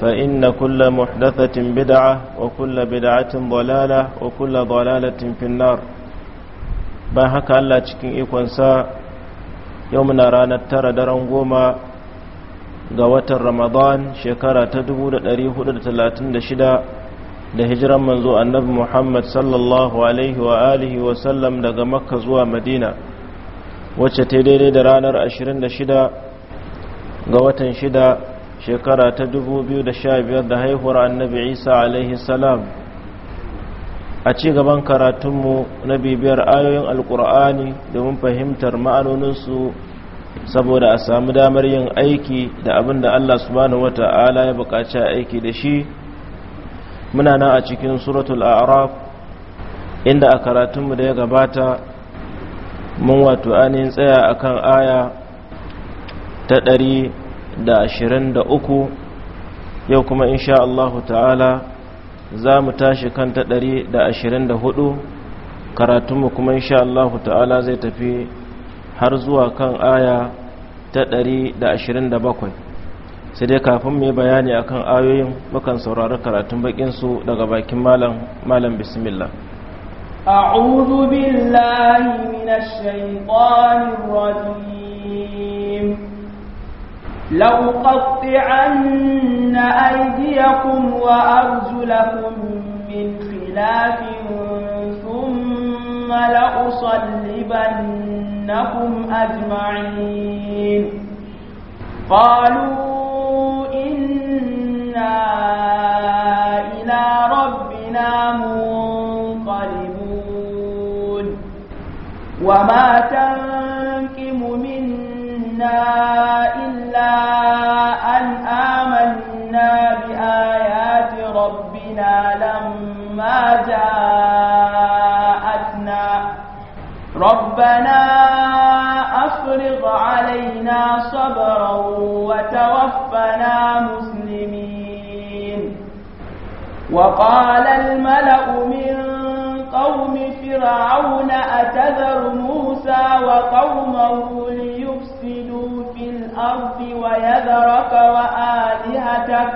فإن كل محدثة بدعة وكل بدعة ضلالة وكل ضلالة في النار bayan haka Allah cikin ikonsa yau muna ranar tara daren goma ga watan ramadan shekara ta 1436 da hijiran manzo annabi muhammad sallallahu alaihi wa wa sallam daga makka zuwa madina wacce ta daidai da ranar 26 ga watan shida shekara ta 2015 da haihuwar annabi isa alaihi salam a ci gaban karatunmu na bibiyar ayoyin alkur'ani domin fahimtar ma'anoninsu saboda a samu damar yin aiki da abin da allah subhanahu wa ta'ala ya bukaci aiki da shi muna nan a cikin suratul araf inda a karatunmu da ya gabata mun wato ainihin tsaya akan aya ta ɗari da ashirin da uku yau kuma insha Allah ta'ala za mu tashi kan ta ɗari da ashirin da hudu karatunmu kuma insha Allah ta'ala zai tafi har zuwa kan aya ta ɗari da ashirin da bakwai sai dai kafin mai bayani a kan ayoyin mukan saurari karatun bakinsu daga bakin malam bismillah أعوذ بالله من الشيطان الرجيم لأقطعن أيديكم وأرجلكم من خلاف ثم لأصلبنكم أجمعين قالوا إنا إلى ربنا منقلبون وما تنكم منا إلا إلا أن آمنا بآيات ربنا لما جاءتنا ربنا أفرغ علينا صبرا وتوفنا مسلمين وقال الملأ من قوم فرعون أتذر موسى وقومه ليؤمنوا الأرض ويذرك وآلهتك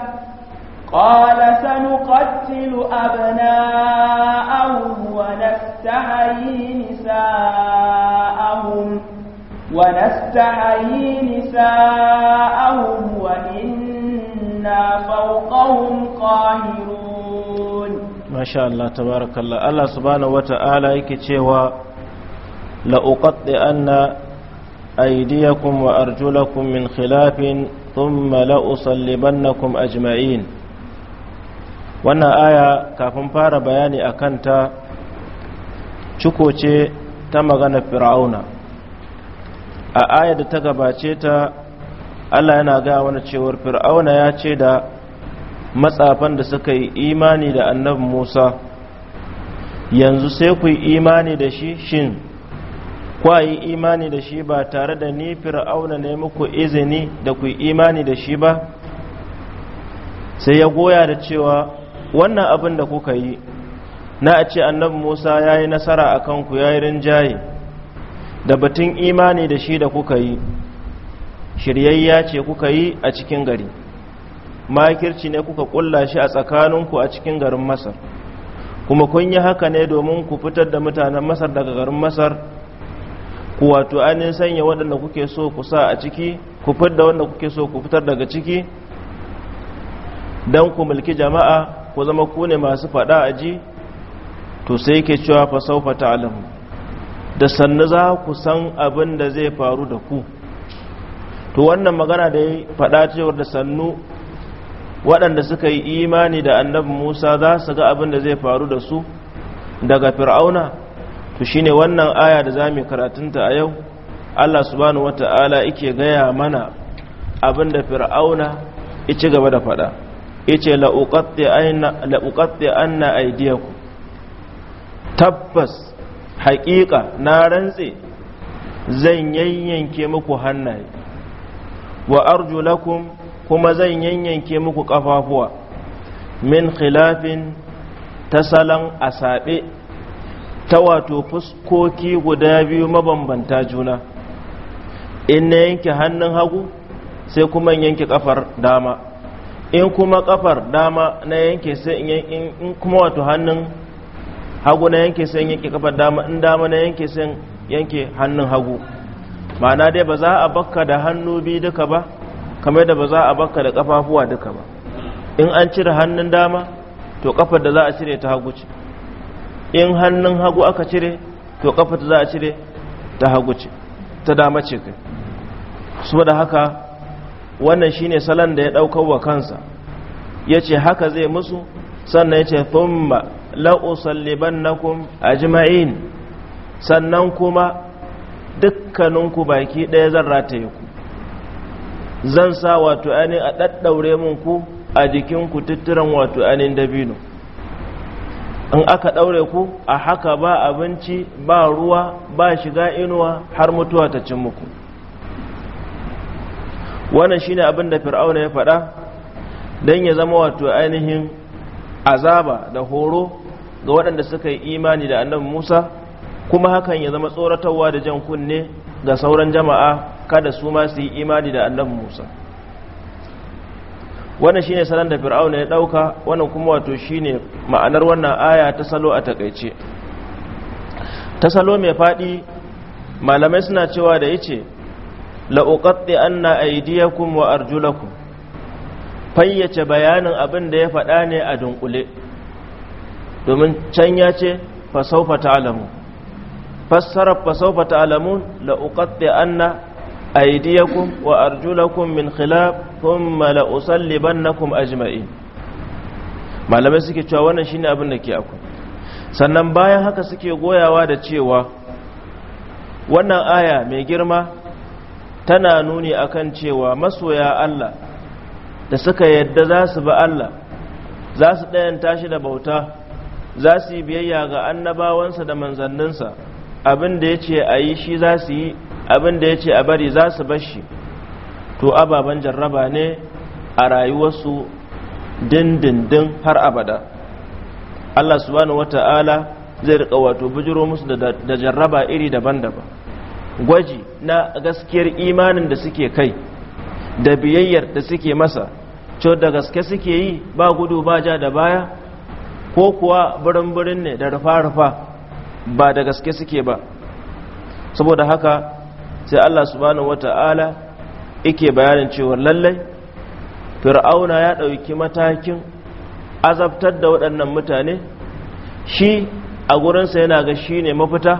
قال سنقتل أبناءهم ونستحيي نساءهم ونستحيي نساءهم وإنا فوقهم قاهرون ما شاء الله تبارك الله الله سبحانه وتعالى يكي لأقطئن أيديكم وأرجلكم من خلاف ثم لأصلبنكم أجمعين wannan aya kafin fara bayani a kanta ciko ce ta magana fir'auna a aya da ta gabace ta allah yana gaya wani cewar fir'auna ya ce da matsafan da suka yi imani da annabi musa yanzu sai ku yi imani da shi shin kwayi imani da shi ba tare da ni fir'auna ne muku izini da ku imani da shi ba sai ya goya da cewa wannan abin da kuka yi na a ce annabi musa ya yi nasara a kanku ya yi rinjaye da batun imani da shi da kuka yi shiryayya ce kuka yi a cikin gari makirci ne kuka kulla shi a tsakaninku a cikin garin masar kuma kun yi haka ne domin ku fitar da mutanen masar daga garin masar ku wato ainihin sanya waɗanda kuke so ku sa a ciki ku fidda wanda kuke so ku fitar daga ciki don ku mulki jama'a ku zama ku ne masu faɗa a ji to sai ke cewa fa saufa alamu da sannu za ku san abin da zai faru da ku to wannan magana da ya faɗa cewar da sannu waɗanda suka yi imani da annabi Musa za su ga abin da zai faru da su daga fir'auna to shine wannan aya da zamu karatunta a yau Allah subhanahu wata'ala yake gaya mana abinda fir'auna ya ci gaba da faɗa yace la uqatti ayna la uqatti anna tabbas haƙiƙa na rantse zan yanyanke muku hannaye wa arju lakum kuma zan yanyanke muku ƙafafuwa min khilafin ta salon a saɓe ta wato fuskoki guda biyu mabambanta juna in na yanke hannun hagu sai kuma yanke kafar dama in kuma kafar dama na yanke sai in kuma wato hannun hagu na yanke sai yanke kafar dama in dama na yanke sai yanke hannun hagu ma'ana dai ba za a bakka da hannu biyu duka ba kamar da ba za a bakka da kafafuwa duka ba in an cire hannun dama to kafar da za a cire ta hagu ce in hannun hagu aka cire to kafa ta za a cire ta hagu ce ta dama ce kai da haka wannan shine salon da ya daukar wa kansa ce haka zai musu sannan ya ce thumma la jima'i ajma'in sannan kuma dukkaninku baki ɗaya zan rataye ku zan sa wato ainihin a daddaure mun ku a jikinku tutturan wato ainihin dabino in aka ɗaure ku a haka ba abinci ba ruwa ba shiga inuwa har mutuwa ta cin muku wannan shine abin da fir'auna ya faɗa don ya zama wato ainihin azaba da horo ga waɗanda suka yi imani da annabi musa kuma hakan ya zama tsoratarwa da jan kunne ga sauran jama'a kada su ma su yi imani da annabi musa wannan shine salon da fir'auna ya dauka wannan kuma wato shine ma'anar wannan aya ta salo a takaice ta salo mai fadi malamai suna cewa da yace la uqatti anna aydiyakum wa arjulakum fayyace bayanin abin da ya faɗa ne a dunkule domin can ya ce fasaufa ta'lamu fa fasaufa ta'lamun la uqatti anna arjulakum min khilab thumma la usallibannakum ajma'in malamai suke cewa wannan shine abin da ke akwai sannan bayan haka suke goyawa da cewa wannan aya mai girma tana nuni akan cewa masoya Allah da suka yadda za su ba Allah za su ɗayan tashi da bauta za su yi biyayya ga annabawansa da manzanninsa abin da ya ce a yi shi za su yi abin da ya ce a bari za su bashi to ababen jarraba ne a rayuwarsu dindindin har abada Allah subhanahu wata'ala zai rika wato bujiro musu da jarraba iri daban-daban gwaji na gaskiyar imanin da suke kai da biyayyar da suke masa cewa da gaske suke yi ba gudu ba ja da baya ko kuwa birin-birin ne da rufa-rufa ba da gaske suke ba saboda haka sai Allah subhanahu wata'ala yake bayanin cewa lallai fir'auna ya ɗauki matakin azabtar da waɗannan mutane shi a gurinsa yana ga shi ne mafita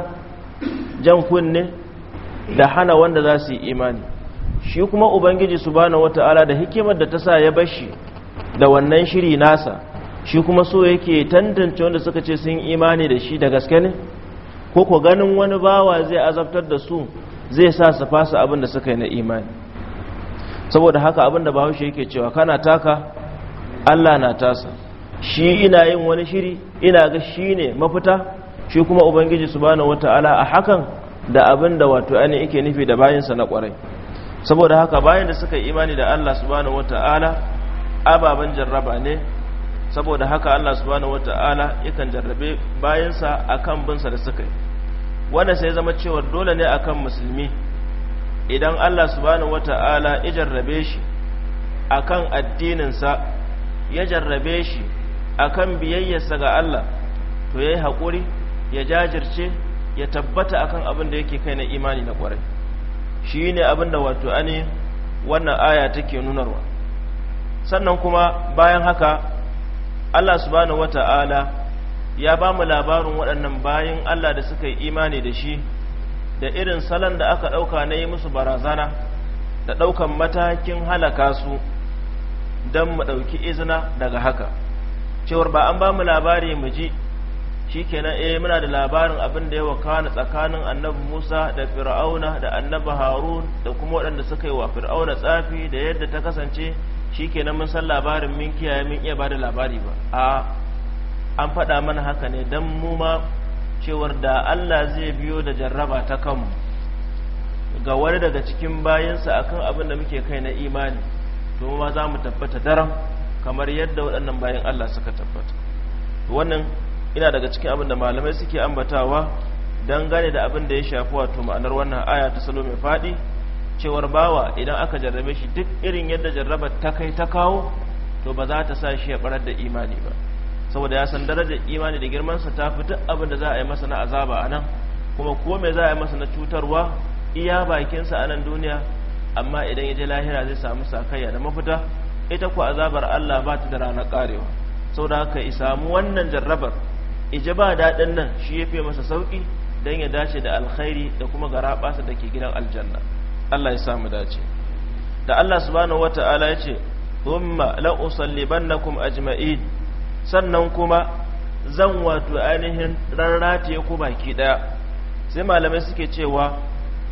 jan kunne da hana wanda za su yi imani shi kuma ubangiji subhanahu wata'ala da hikimar da ta sa ya bashi da wannan shiri nasa shi kuma so yake tantance wanda suka ce sun imani da shi da gaske ne ko ko ganin wani bawa zai azabtar da su zai sa su fasa abin da suka yi na imani saboda haka abin da bahaushe yake cewa kana taka allah na tasa shi ina yin wani shiri ina ga shi ne mafita shi kuma ubangiji su subhanahu wata'ala a hakan da abin da wato ainihin yake nufi da bayansa na kwarai saboda haka bayan da suka yi imani da allah subhanahu wata'ala ababen jarraba ne saboda haka allah subhanahu wata'ala yakan jarrabe bayansa a kan binsa da suka yi Wannan sai zama cewa dole ne akan musulmi idan Allah subhanahu wata'ala ya jarrabe shi akan addininsa ya jarrabe shi akan biyayyarsa ga Allah to yayi hakuri ya jajirce ya tabbata akan abin da yake kai na imani na kwarai shine abin da wato ani wannan aya take nunarwa sannan kuma bayan haka Allah subhanahu wata'ala ya ba mu labarin waɗannan bayan Allah da suka yi imani da shi da irin salon da aka ɗauka na yi musu barazana da ɗaukan matakin halaka su don mu ɗauki izina daga haka cewar ba an ba mu labari mu ji shi kenan eh muna da labarin abin da ya wakana tsakanin annabi musa da fir'auna da annabi harun da kuma waɗanda suka yi wa fir'auna tsafi da yadda ta kasance shi kenan mun san labarin min kiyaye min iya ba da labari ba a an faɗa mana haka ne don mu ma cewar da Allah zai biyo da jarraba ta kanmu ga wani daga cikin bayansa akan abin da muke kai na imani to ma za mu tabbata daram kamar yadda waɗannan bayan Allah suka tabbata wannan ina daga cikin abin da malamai suke ambatawa don gane da abin da ya shafi wato ma'anar wannan aya ta salo mai faɗi cewar bawa idan aka jarrabe shi duk irin yadda jarrabar ta kai ta kawo to ba za ta sa shi ya barar da imani ba saboda ya san darajar imani da girmansa ta fi duk abin da za a yi masa na azaba a nan kuma ko me za a yi masa na cutarwa iya bakinsa a nan duniya amma idan ya je lahira zai samu sakayya da mafita ita ku azabar Allah ba ta da ranar karewa saboda haka ya samu wannan jarrabar ije ba daɗin nan shi ya fi masa sauƙi don ya dace da alkhairi da kuma garaɓasa da ke gidan aljanna Allah ya samu dace da Allah subhanahu wata'ala ya ce thumma la usallibannakum ajma'in sannan kuma zan wato ainihin ran rataye ku baki daya sai malamai suke cewa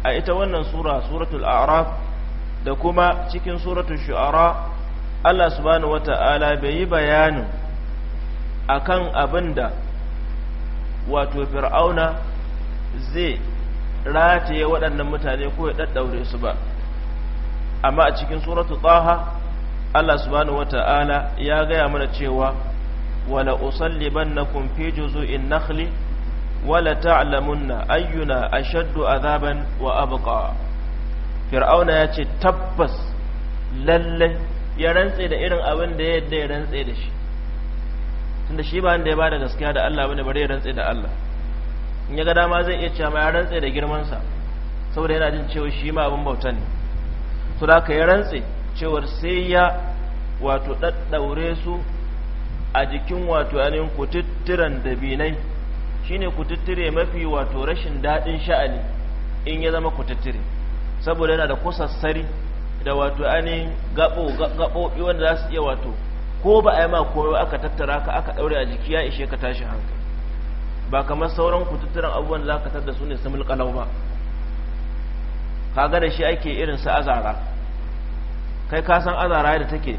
a ita wannan sura suratul a'raf da kuma cikin suratul shu'ara Allah subhanahu wata'ala bai yi bayanin akan abinda wato fir'auna zai rataye waɗannan mutane ko ya daddaure su ba amma a cikin suratul taha Allah subhanahu wata'ala ya gaya mana cewa wala usallibannakum fi juz'in nakhli wala ta'lamunna ayyuna ashaddu zaben wa abqa fir'auna yace tabbas lalle ya rantse da irin abin da yadda ya rantse da shi tunda shi ba wanda ya bada gaskiya da Allah bane bare ya rantse da Allah in ya ga dama zai iya cewa ya rantse da girman sa saboda yana jin cewa shi ma abin bautan ne to da ka ya rantse cewar sai ya wato daddaure su a jikin wato ainihin kututturan dabinai shine kututture mafi wato rashin daɗin sha'ani in ya zama kututture, saboda yana da kusassari da wato ainihin gaɓoɓi wanda za su iya wato ko ba a yi ma koyo aka tattara ka aka ɗaure a jiki ya ishe ka tashi hankali ba kamar sauran kututturan abubuwan za ka da su ne su kalau ba kaga da shi ake irin su azara kai ka san azara da take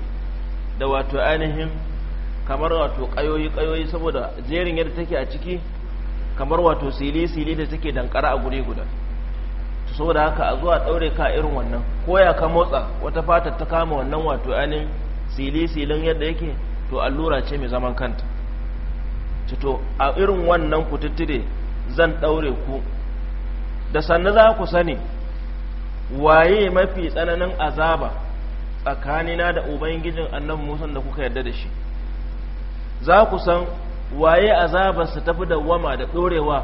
da wato ainihin kamar wato kayoyi kayoyi saboda jerin yadda take a ciki kamar wato sili sili da take dankara a guri guda saboda haka a zuwa daure ka irin wannan koya ka motsa wata fatar ta kama wannan wato ainin sili silin yadda yake to allura ce mai zaman kanta to a irin wannan kututture zan daure ku da sannu za ku sani waye mafi tsananin azaba tsakanina da ubangijin annabi musan da kuka yarda da shi za ku san waye azabarsa tafi dawwama da ɗorewa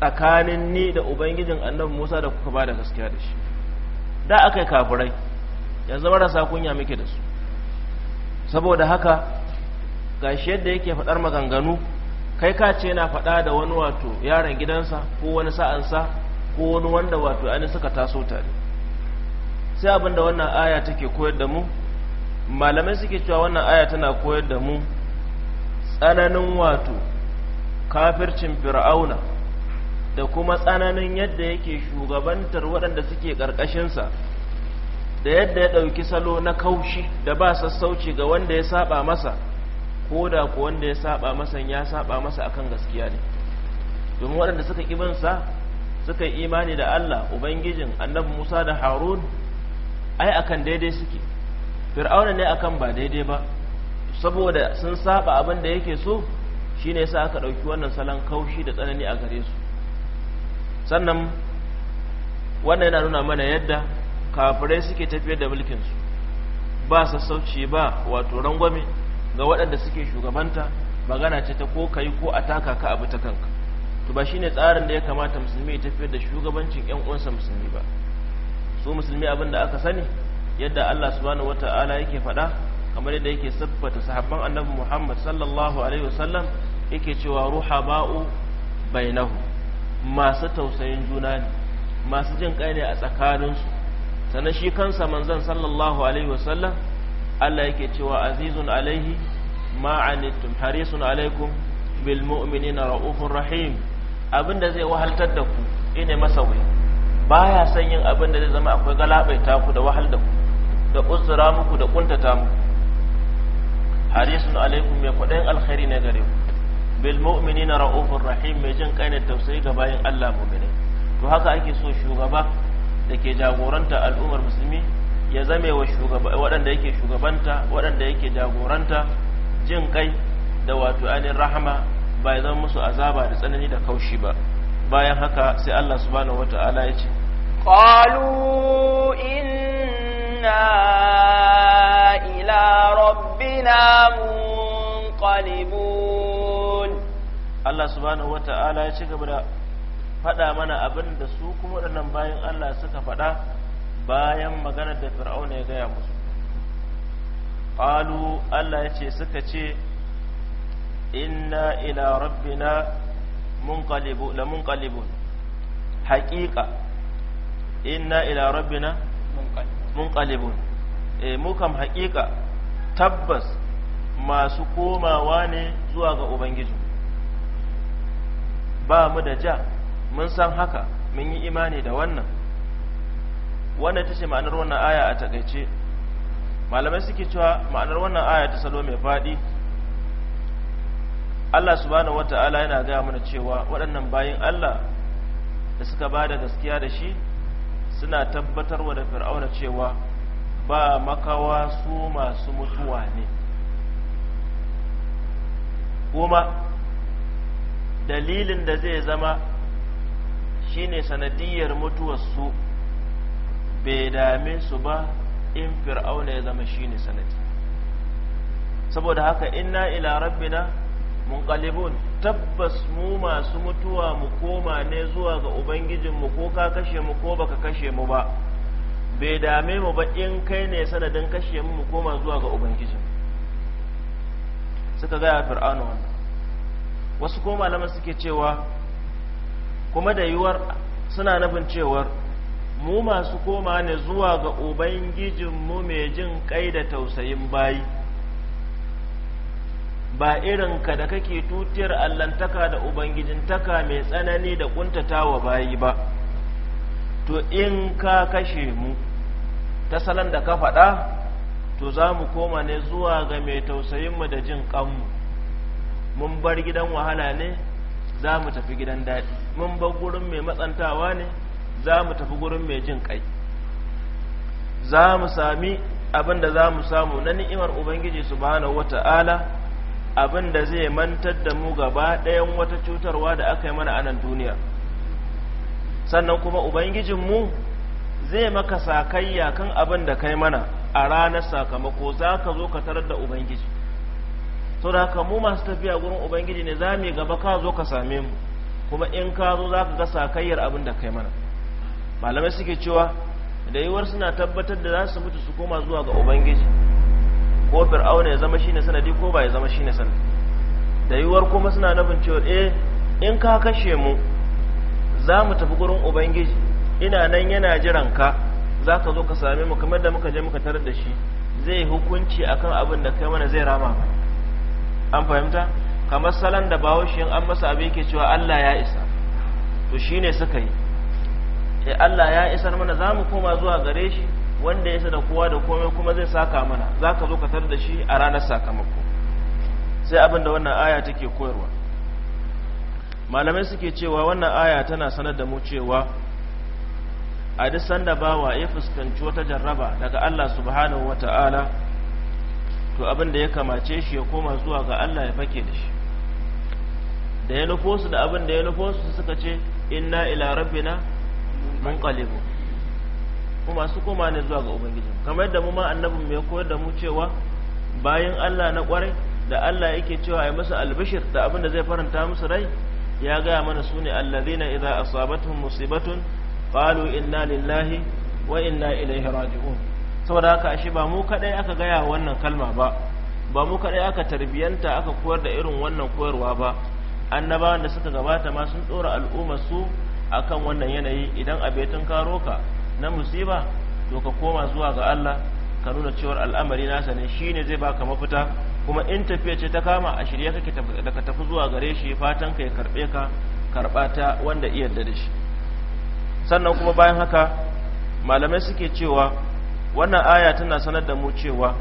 tsakanin ni da ubangijin annabi musa da kuka ba da gaskiya da shi da aka yi kafirai yanzu marasa kunya muke da su saboda haka gashi yadda yake faɗar maganganu kai ka ce na faɗa da wani wato yaron gidansa ko wani sa'ansa ko wani wanda wato ani suka taso tare sai abinda wannan aya take koyar da mu malamai suke cewa wannan aya tana koyar da mu tsananin wato kafircin fir'auna da kuma tsananin yadda yake shugabantar waɗanda suke ƙarƙashinsa da yadda ya ɗauki salo na kaushi da ba sassauci ga wanda ya saba masa ko da ku wanda ya saba masa ya saba masa akan gaskiya ne domin waɗanda suka ƙibinsa suka yi imani da Allah Ubangijin annabi Musa da Harun ai akan daidai suke fir'auna ne akan ba daidai ba saboda sun saba abin da yake so shine yasa aka dauki wannan salon kaushi da tsanani a gare su sannan wannan yana nuna mana yadda kafirai suke tafiyar da mulkin su ba sassauci ba wato rangwame ga waɗanda suke shugabanta magana ce ta ko kai ko a taka ka abu ta kanka to ba shine tsarin da ya kamata musulmi ya tafiyar da shugabancin ƴan uwansa musulmi ba su musulmi abin da aka sani yadda Allah subhanahu wata'ala yake faɗa kamar yadda yake siffata sahabban annabi Muhammad sallallahu alaihi wasallam yake cewa ruha ba'u bainahu masu tausayin juna ne masu jin kai ne a tsakaninsu sanan shi kansa manzon sallallahu alaihi wasallam Allah yake cewa azizun alaihi ma'anittum harisun alaikum bil mu'minina ra'ufur rahim abinda zai wahaltar da ku ine masa wai baya son yin abin da zai zama akwai galabaita ku da wahal da ku da uzura muku da kuntata muku harisun alaikum mai kwaɗayin alkhairi na gare ku bil mu'minina ra'ufur rahim mai jin kai ne tausayi ga bayan Allah mu'minai to haka ake so shugaba da ke jagoranta al'ummar musulmi ya zame wa shugaba waɗanda yake shugabanta waɗanda yake jagoranta jin kai da wato ainihin rahama ba ya zama musu azaba da tsanani da kaushi ba bayan haka sai Allah subhanahu wata'ala ya ce qalu in إنا إلى ربنا منقلبون الله سبحانه وتعالى da faɗa mana abin da su kuma waɗannan bayan Allah suka faɗa bayan maganar da fir'auna ya gaya musu ƙalu Allah ya ce suka ce inna ila rabbina la munqalibun haƙiƙa inna ila rabbina munqalibun munqalibun eh mu kam haƙiƙa tabbas masu komawa ne zuwa ga ubangiji ba mu da ja mun san haka mun yi imani da wannan wannan tace ma'anar wannan aya a takaice malamai suke cewa ma'anar wannan aya ta salo mai faɗi Allah subhanahu wata'ala yana gaya mana cewa waɗannan bayin Allah da suka ba da gaskiya da shi suna tabbatar wa da fir'auna cewa ba makawa su masu mutuwa ne kuma dalilin da zai zama shine sanadiyar mutuwarsu bai dame su ba in fir'auna ya zama shine sanadi saboda haka inna ila rabbina munqalibun tabbas mu masu mutuwa mu koma ne zuwa ga ubangijinmu ko ka kashe mu ko baka kashe mu ba bai dame mu ba in kai ne sanadin kashe mu mu koma zuwa ga ubangijin suka gaya fir'aunu wannan wasu ko malaman suke cewa kuma da yiwuwar suna nufin cewar mu masu koma ne zuwa ga ubangijin mu mai jin kai da tausayin bayi ba irin ka da kake tutiyar allantaka da ubangijintaka mai tsanani da kuntatawa bayi ba to in ka kashe mu ta salon da ka faɗa to za mu koma ne zuwa ga mai tausayinmu da jin kanmu mun bar gidan wahala ne za mu tafi gidan daɗi mun bar gurin mai matsantawa ne za mu tafi gurin mai jin ƙai za mu sami abin da za mu samu na ni'imar ubangiji subhanahu wata'ala abin da zai mantar da mu gaba ɗayan wata cutarwa da aka yi mana a nan duniya sannan kuma Ubangijin mu zai maka sakayya kan abin da kai mana a ranar sakamako za ka zo ka tarar da ubangiji to da haka mu masu tafiya gurin ubangiji ne za mu gaba ka zo ka same mu kuma in ka zo za ka ga sakayyar abin da kai mana malamai suke cewa da yiwuwar suna tabbatar da za su mutu su koma zuwa ga ubangiji ko fir'auna ya zama shine sanadi ko ba ya zama shine sanadi da yiwuwar kuma suna nufin cewa eh in ka kashe mu za mu tafi gurin ubangiji ina nan yana jiran ka za ka zo ka same mu kamar da muka je muka tarar da shi zai hukunci akan abin da kai mana zai rama an fahimta kamar salon da shi an masa abin yake cewa Allah ya isa to shine suka yi eh Allah ya isar mana za mu koma zuwa gare shi wanda ya da kowa da komai kuma zai saka mana za ka zo ka tar da shi a ranar sakamako sai abin da wannan aya take koyarwa malamai suke cewa wannan aya tana sanar da mu cewa a duk sanda bawa ya fuskanci wata jarraba daga Allah subhanahu wata'ala to abin da ya kamace shi ya koma zuwa ga Allah ya fake da shi da ya nufo da abin da ya nufo su suka ce inna ila rabbina munqalibun ko masu koma ne zuwa ga ubangiji kamar yadda mu ma annabin mu koyar da mu cewa bayan Allah na kwarai da Allah yake cewa ya masa albishir da abin da zai faranta musu rai ya gaya mana su ne allazina idza asabatuhum musibatun qalu inna lillahi wa inna ilaihi raji'un saboda haka ashe ba mu kadai aka gaya wannan kalma ba ba mu kadai aka tarbiyanta aka koyar da irin wannan koyarwa ba annabawan da suka gabata ma sun dora al'ummar su akan wannan yanayi idan abetin karo ka na musiba to ka koma zuwa ga Allah ka nuna cewar al'amari nasa ne shine zai baka mafita kuma in tafiya ce ta kama a shirye kake da ka tafi zuwa gare shi fatan ka ya karbe ka karba ta wanda iya da shi sannan kuma bayan haka malamai suke cewa wannan aya tana sanar da mu cewa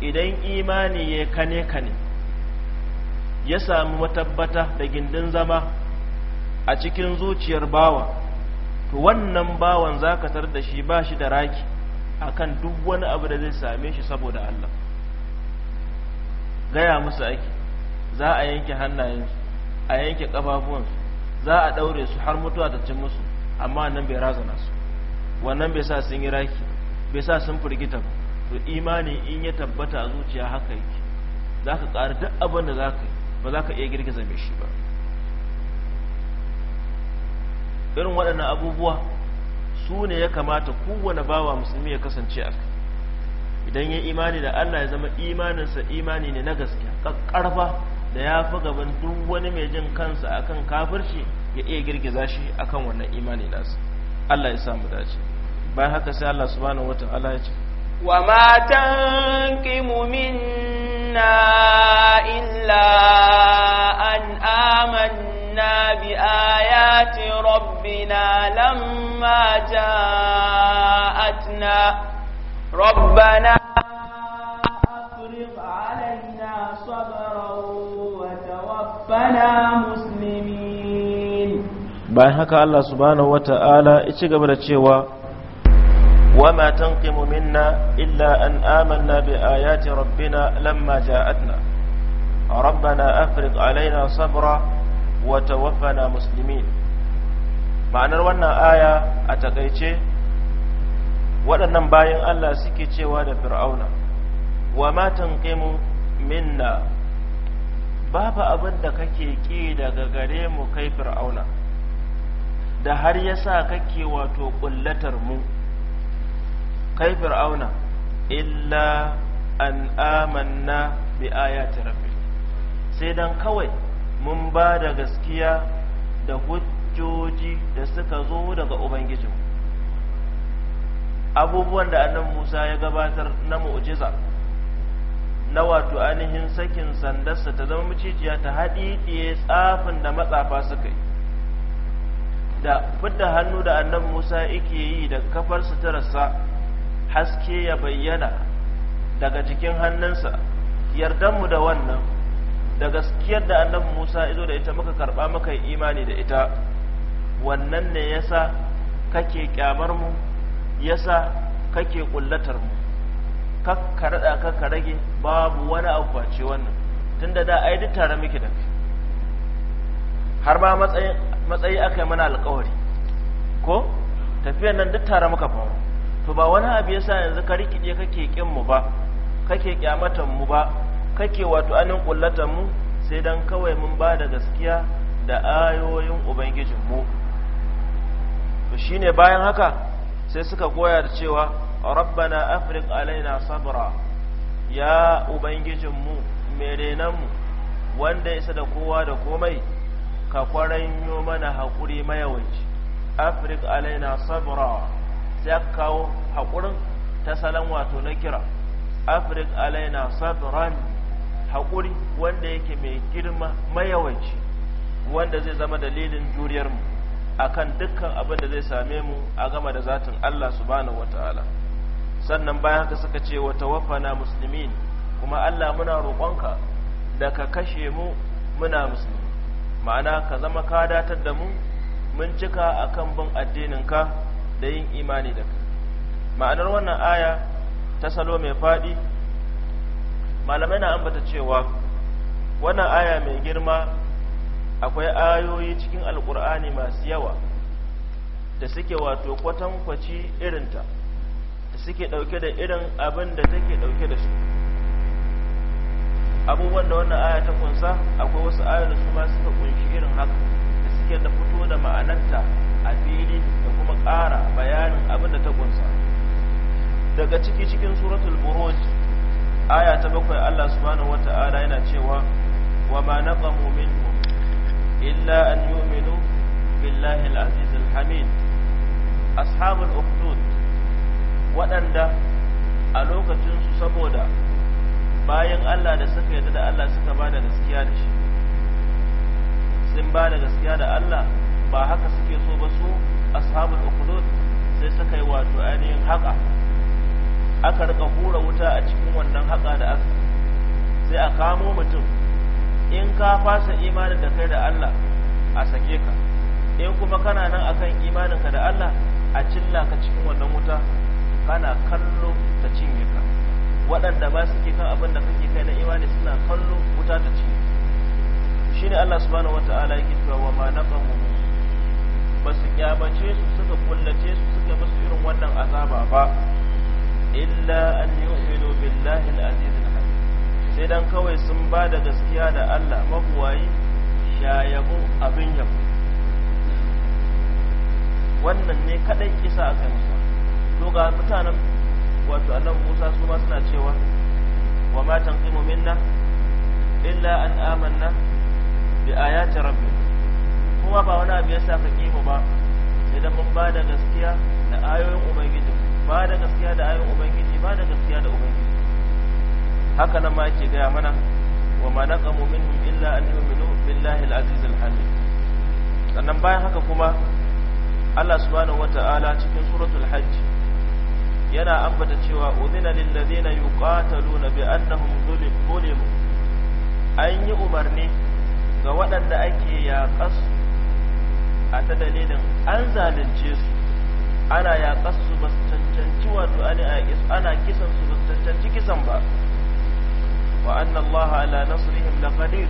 idan imani ya kane kane ya samu matabbata da gindin zama a cikin zuciyar bawa wannan bawan za tar da shi ba shi da raki akan duk wani abu da zai same shi saboda Allah gaya musu ake za a yanke hannayensu a yanke ƙafafuwansu za a ɗaure su har mutuwa ta cin musu amma nan bai razana su wannan bai sa sun yi raki bai sa sun firgita ba to imani in ya tabbata a zuciya haka yake za ka ƙari duk abin da za ka yi ba za ka iya girgiza mai shi ba irin waɗannan abubuwa su ne ya kamata kowane bawa musulmi ya kasance a kai idan ya imani da Allah ya zama imaninsa imani ne na gaske, ƙarfa da ya fi gaban duk wani mai jin kansa a kan kafirci ya iya girgiza shi kan wannan imani nasu Allah ya samu dace bayan haka sai Allah bani wata Allah ya ce wa matan kimu minna illa an amanna bi ayati ربنا لما جاءتنا ربنا أفرغ علينا صبرا وتوفنا مسلمين bayan haka Allah subhanahu wata'ala ya ci gaba da cewa wama tanqimu minna illa an amanna bi ayati rabbina lamma ja'atna rabbana afrigh alaina sabra wa tawaffana muslimin ma'anar wannan aya a takaice waɗannan bayan Allah suke cewa da fir'auna wa matan ƙimu minna babu abin da kake ƙi daga gare mu kai fir'auna da har ya sa kake wato ƙullatar mu kai fir'auna illa an amanna bi ayati rabbi sai dan kawai mun ba da gaskiya da hujja hujjoji da suka zo daga ubangijin abubuwan da annan musa ya gabatar na mu'jiza na wato ainihin sakin sandarsa ta zama macijiya ta haɗiɗiye tsafin da matsafa suka yi da fidda hannu da annan musa yake yi da kafar suturarsa haske ya bayyana daga jikin hannunsa yardanmu da wannan da gaskiyar da annabi Musa izo da ita muka karba muka yi imani da ita wannan ne yasa kake kyamar mu yasa kake kullatar mu kakka rada kakka rage babu wani abu wannan tunda da ai duk tare muke da kai har ba matsayi matsayi aka yi mana alƙawari ko tafiyan nan duk tare muka faru to ba wani abu yasa yanzu ka rikide kake kin mu ba kake kyamatan mu ba kake wato anin kullatan mu sai dan kawai mun ba da gaskiya da ayoyin ubangijin mu to shine bayan haka sai suka goya da cewa rabbana afrik alaina sabra ya ubangijin mu ubangijinmu mu wanda isa da kowa da komai ka kwaranyo mana haƙuri mayawanci afriq alaina sabra sai kawo haƙurin ta salon wato na kira afriq alaina sabran haƙuri wanda yake mai girma mayawanci wanda zai zama dalilin juriyarmu akan dukkan abin da zai same mu a gama da zatin Allah subhanahu wataala sannan bayan haka suka ce wa tawaffana muslimin kuma Allah muna roƙonka da ka kashe mu muna musulmi ma'ana ka zama ka datar da mu mun cika akan bin addinin ka da yin imani da ka ma'anar wannan aya ta salo mai faɗi malamai na ambata cewa wannan aya mai girma akwai ayoyi cikin alkur'ani masu yawa da suke wato kwatankwaci irinta da suke ɗauke da irin abin da take ɗauke da su abubuwan da wannan aya ta kunsa akwai wasu ayoyi da su ma suka kunshi irin haka da suke da fito da ma'anarta a fili da kuma ƙara bayanin abin da ta kunsa daga ciki cikin suratul buruj aya ta bakwai Allah subhanahu wata'ala yana cewa wa ma naqamu min إلا أن يؤمنوا بالله العزيز الحميد أصحاب الأخدود waɗanda a lokacinsu saboda bayan Allah da suka yadda da Allah suka ba da gaskiya da shi sun ba da gaskiya da Allah ba haka suke so ba su ashabul ukhdud sai suka yi wato ainihin haka aka rika hura wuta a cikin wannan haka da aka sai a kamo mutum in ka fasa imanin da kai da Allah a sake ka in kuma kana nan akan imaninka da Allah a cilla ka cikin wannan wuta kana kallo ta cinye ka waɗanda ba su ke kan abin da kake kai na imani suna kallo wuta ta cinye shine Allah subhanahu wata'ala yake cewa wa ma naqamu ba su kyamace su suka kullace su suka musu irin wannan azaba ba illa an yu'minu billahi al-aziz sai dan kawai sun ba da gaskiya da Allah mabuwayi shayabu abin yabo wannan ne kadai kisa kan su to ga mutanen wato Allah Musa su ma suna cewa wa ma tanqimu minna illa an amanna bi ayati rabbi kuma ba wani abu sa ka kimu ba idan mun ba da gaskiya da ayoyin ubangiji ba da gaskiya da ayoyin ubangiji ba da gaskiya da ubangiji haka nan ma yake gaya mana wa ma kamo min illa an yu'minu billahi al-aziz al sannan bayan haka kuma Allah subhanahu wata'ala cikin suratul hajj yana ambata cewa udhina lil ladina yuqataluna bi annahum zulimu an yi umarni ga waɗanda ake yaƙas a ta dalilin an zalunce su ana yaƙas su ba su cancanci wato ana kisan su ba su cancanci kisan ba wa anna allaha ala nasrihim laqadir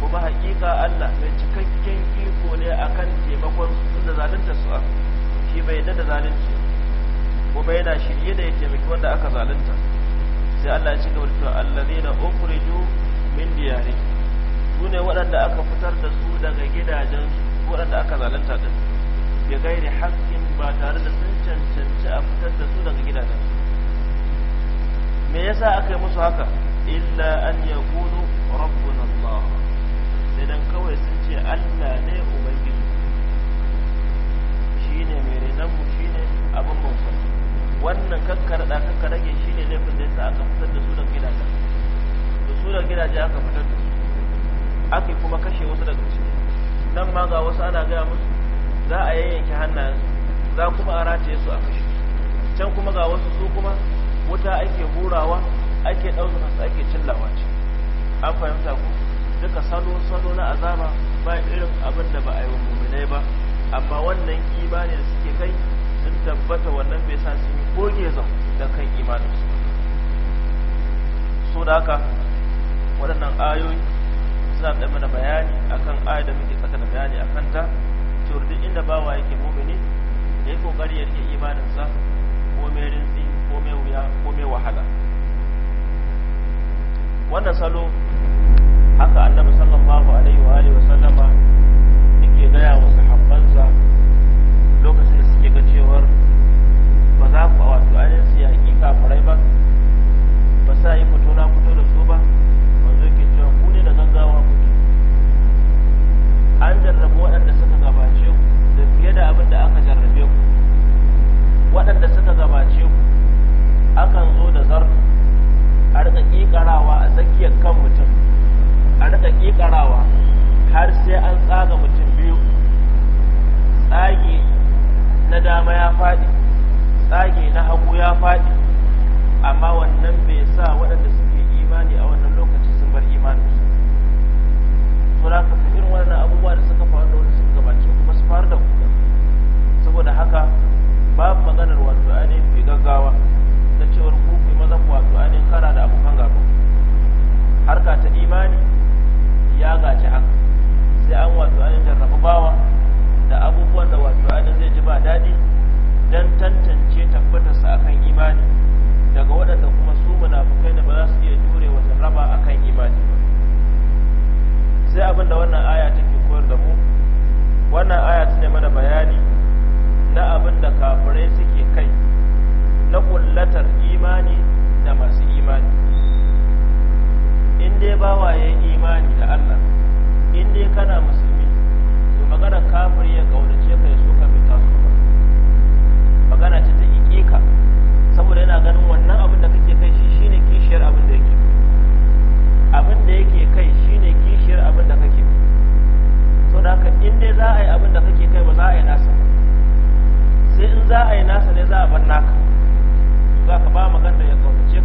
kuma hakika Allah mai cikakken iko ne akan taimakon su da zalunta su shi bai da da zalunci kuma yana shirye da ya taimaki wanda aka zalunta sai Allah ya ci gaba da cewa allazina ukhriju min diyari su ne waɗanda aka fitar da su daga gidajen waɗanda aka zalunta din ya gairi haƙƙin ba tare da sun cancanci a fitar da su daga gidajen me yasa aka yi musu haka illa an yakunu rabbun Allah sai dan kawai sun ce Allah ne ubangiji shine mai renan mu shine abin bauta wannan kakkar da kakka rage shine laifin da yasa aka fitar da su da gidaje da su da gidaje aka fitar da su aka kuma kashe wasu daga ciki nan ma ga wasu ana gaya musu za a yayyanke hannayensu za kuma a rataye su a kashe can kuma ga wasu su kuma wuta ake hurawa ake ɗaurin su ake cillawa ce an fahimta ku duka salo-salo na azaba ba irin abin da ba a yi wa muminai ba amma wannan ne da suke kai sun tabbata wannan bai sa su yi goge zan da kan imaninsu so da haka waɗannan ayoyi suna da mana bayani akan ayoyi da muke tsaka da bayani akan ta turdi inda bawa yake mumini ya yi kokari ya rike sa ko mai rinsi ko mai wuya ko mai wahala wannan salo haka annabi sallallahu alaihi wa alihi wasallama yake gaya nasa ne za a bar naka za ka ba magana ya kaunace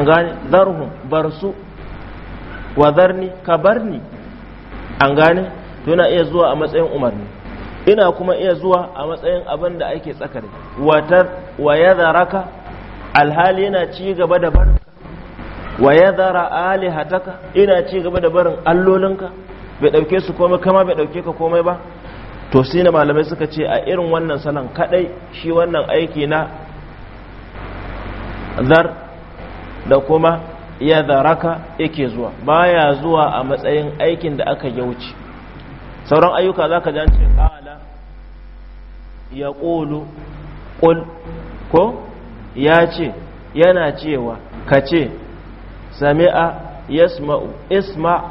an gane zarhum bar su wa zarni barni an gane to yana iya zuwa a matsayin umarni ina kuma iya zuwa a matsayin abin da ake tsakar watar wa alhali yana ci gaba da barin wa ya zara alihataka ina ci gaba da barin allolinka bai dauke su komai kama bai dauke ka komai ba to sai na malamai suka ce a irin wannan salon kadai shi wannan aiki na zar da kuma ya zaraka yake zuwa baya zuwa a matsayin aikin da aka yauci sauran ayyuka za ka jance ƙala ya ƙolu ƙul ko ya ce yana cewa ka ce sami'a isma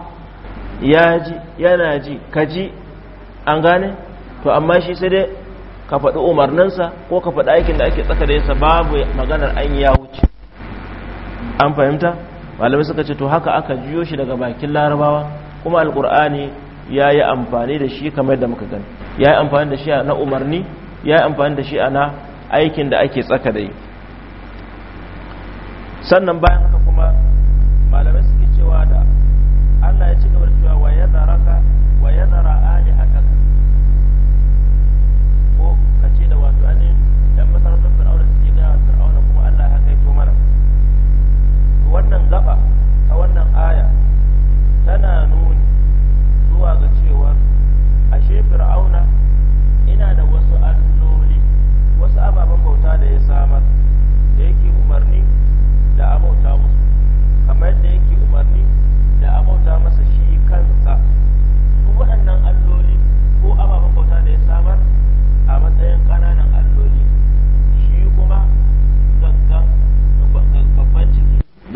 ya ji yana ji ka ji an gane to amma shi sai dai ka faɗi umarninsa ko ka faɗi aikin da ake tsaka da yasa babu maganar an yawo an fahimta malamai suka ce to haka aka jiyo shi daga bakin larabawa kuma alkur'ani ya yi amfani da shi kamar da muka gani ya yi amfani da shi na umarni ya yi amfani da shi na aikin da ake tsaka da sannan bayan haka kuma malamai suke cewa da allah ya ci gaba da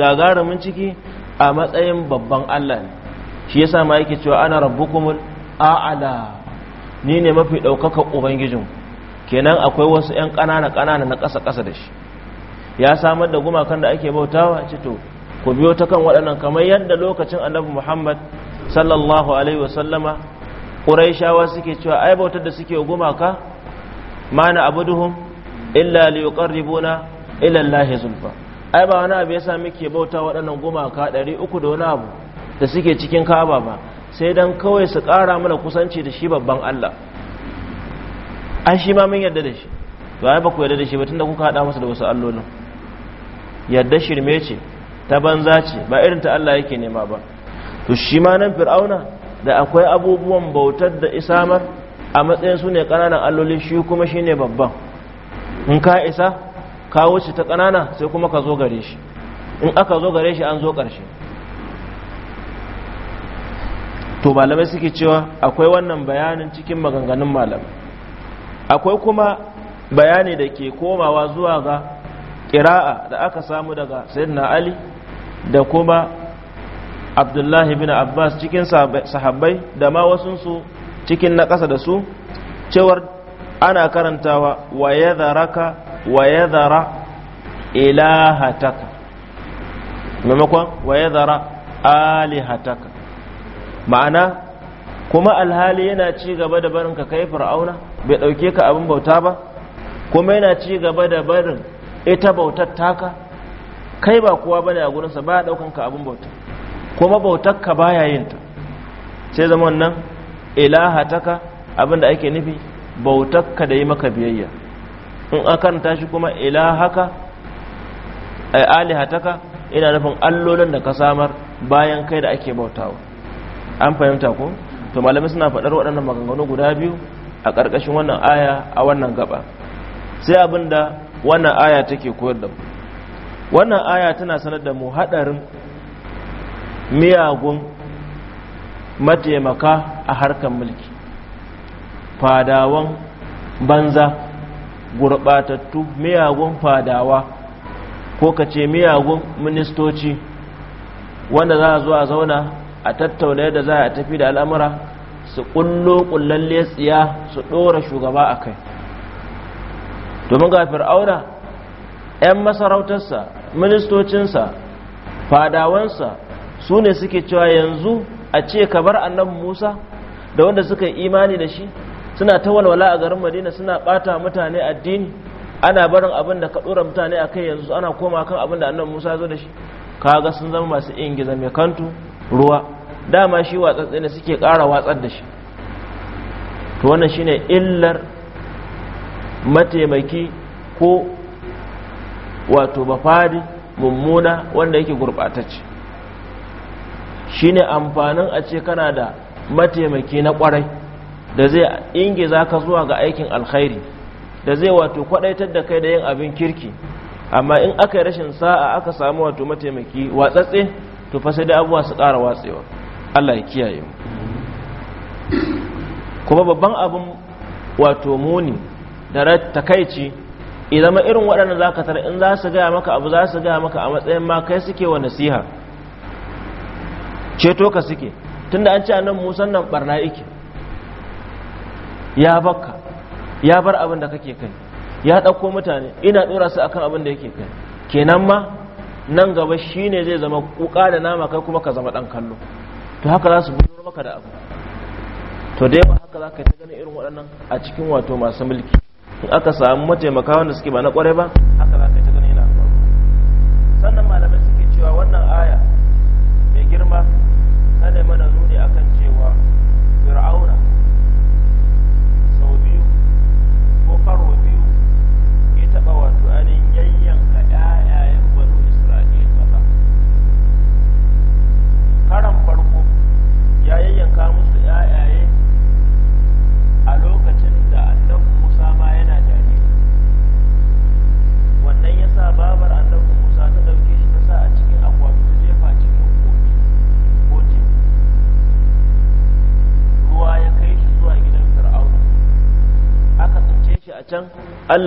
gagarumin ciki a matsayin babban Allah ne shi yasa ma yake cewa ana kumul a'ala ni ne mafi ɗaukaka ubangijin kenan akwai wasu 'yan ƙanana ƙanana na ƙasa ƙasa da shi ya samar da gumakan da ake bautawa ce to ku biyo ta kan waɗannan kamar yadda lokacin annabi muhammad sallallahu alaihi wasallama ƙuraishawa suke cewa ai bautar da suke gumaka mana abuduhum illa liyuqarribuna ila allahi zulfa ai ba wani abu ya sami ke bauta waɗannan gumaka ɗari uku da wani abu da suke cikin kaba ba sai don kawai su ƙara mana kusanci da shi babban Allah An shi ma mun yadda da shi to ai ba ku da shi ba tunda kuka haɗa masa da wasu allolin Yadda shirme ce ta banza ce ba irin ta Allah yake nema ba to shi ma nan fir'auna da akwai abubuwan bautar da isamar a matsayin su ne ƙananan allolin shi kuma shi ne babban in ka isa kawo shi ta ƙanana sai kuma ka zo gare shi in aka zo gare shi an zo ƙarshe to malamai suke cewa akwai wannan bayanin cikin maganganun malamai akwai kuma bayani da ke komawa zuwa ga ƙira'a da aka samu daga sayyidina ali da kuma abdullahi bin abbas cikin sahabbai da ma wasunsu cikin na ƙasa da su cewar ana karantawa wa ya zaraka wa ya zara ilahataka maimakon wa ya zara alihataka ma'ana kuma alhali yana ci gaba da barin ka kai fir'auna bai ɗauke ka abin bauta ba kuma yana ci gaba da barin ita bautar taka kai ba kowa bane a gurinsa ba a ɗaukan ka abin bauta kuma bautar ka baya yin ta sai zama wannan ilahataka abin da ake nufi bautar ka da yi maka biyayya in an karanta shi kuma ilahaka ai alihataka ina nufin allolin da ka samar bayan kai da ake bautawa an fahimta ko to malamai suna faɗar waɗannan maganganu guda biyu a ƙarƙashin wannan aya a wannan gaba sai abin da wannan aya take koyar da mu wannan aya tana sanar da mu haɗarin miyagun mataimaka a harkar mulki fadawan banza gurɓatattu miyagun fadawa ko ka ce miyagun ministoci wanda za a zo zauna a tattaunai da za a tafi da al'amura su ƙullo ƙullon letsiya su ɗora shugaba a kai domin ga fir'auna 'yan masarautarsa ministocinsa fadawansa su ne suke cewa yanzu a ce ka bar annabi musa da wanda suka yi imani da shi suna ta walwala a garin madina suna bata mutane addini ana barin abin da ka dora mutane a kai yanzu ana koma kan abin da annabi musa zo da shi kaga sun zama masu ingiza mai kantu ruwa dama shi watsatsai ne suke kara watsar da shi to wannan shine illar mataimaki ko wato bafadi mummuna wanda yake gurbatacce shine amfanin a ce kana da mataimaki na kwarai da zai za ka zuwa ga aikin alkhairi da zai wato kwadaitar da kai da yin abin kirki amma in aka yi rashin sa'a aka samu wato mataimaki watsatse to fasai da abuwa su ƙara watsewa Allah ya kiyaye mu kuma babban abin wato muni da takaici idan irin waɗanda za ka tara in za su gaya maka abu za su gaya maka a matsayin ma kai suke wa nasiha ceto ka suke tunda an ci a nan musan nan barna yake ya baka ya bar abin da kake kai ya ɗauko mutane ina ɗora su akan abin da yake kai kenan ma nan gaba shine zai zama kuka da nama kai kuma ka zama ɗan kallo to haka za su bujuro maka da abu to da yawa haka za ka ta ganin irin waɗannan a cikin wato masu mulki in aka samu mataimaka wanda suke ba na ƙwarai ba haka za ka ta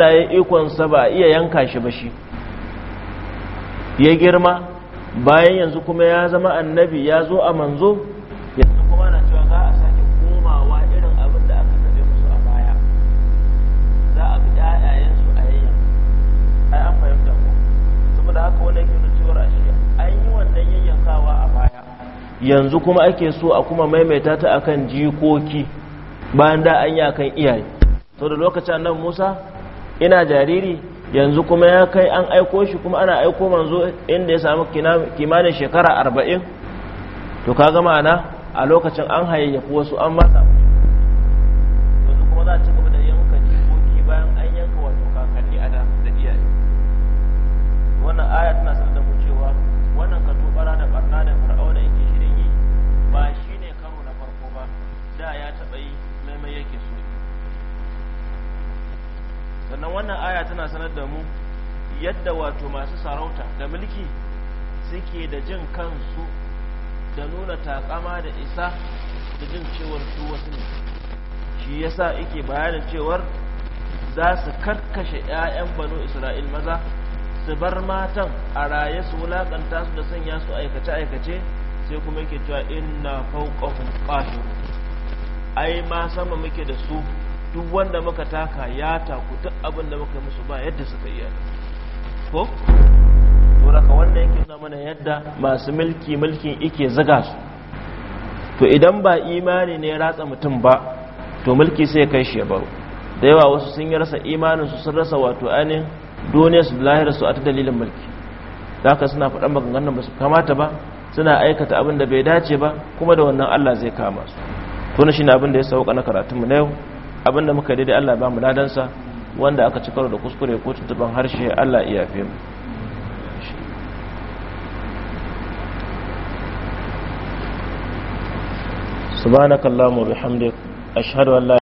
Allah ya ikonsa ba iya yanka shi ba shi ya girma bayan yanzu kuma ya zama annabi ya zo a manzo yanzu kuma na cewa za a sake komawa irin abin da aka tabe musu a baya za a bi ƴaƴayensu a yayin ai an fahimta ko saboda haka wannan ke nuna cewa shi an yi wannan yayyankawa a baya yanzu kuma ake so a kuma maimaita ta akan jikoki bayan da an yi akan iyaye to da lokacin nan Musa ina jariri yanzu kuma ya kai an aiko shi kuma ana aiko manzo inda ya samu kimanin shekara arba'in to ka gama na a lokacin an hayayyafi wasu an mata yanzu kuma za a ci yadda wato masu sarauta da mulki suke da jin kansu da nuna takama da isa da jin cewar su wasu ne shi yasa yake bayanin cewar za su karkashe 'ya'yan banu isra'il maza su bar matan a raye su wulaƙanta su da sanya su aikace-aikace sai kuma yake cewa inna fawqahum qahir ai ma sama muke da su duk wanda muka taka ya taku duk abin da muka musu ba yadda suka iya ko saboda wanda yake nuna mana yadda masu mulki mulkin yake zaga su to idan ba imani ne ya ratsa mutum ba to mulki sai kai shi ya baro da yawa wasu sun yi rasa imanin su sun rasa wato ainihin duniya su lahira su a ta dalilin mulki da haka suna faɗan maganganun ba su kamata ba suna aikata abin da bai dace ba kuma da wannan Allah zai kama su to ne abin da ya sauka na karatunmu na yau abin da muka daidai Allah ba mu sa. wanda aka ci karo da kuskure ko tuntuban harshe Allah iya fi mu subhanakallahumma bihamdika ashhadu an la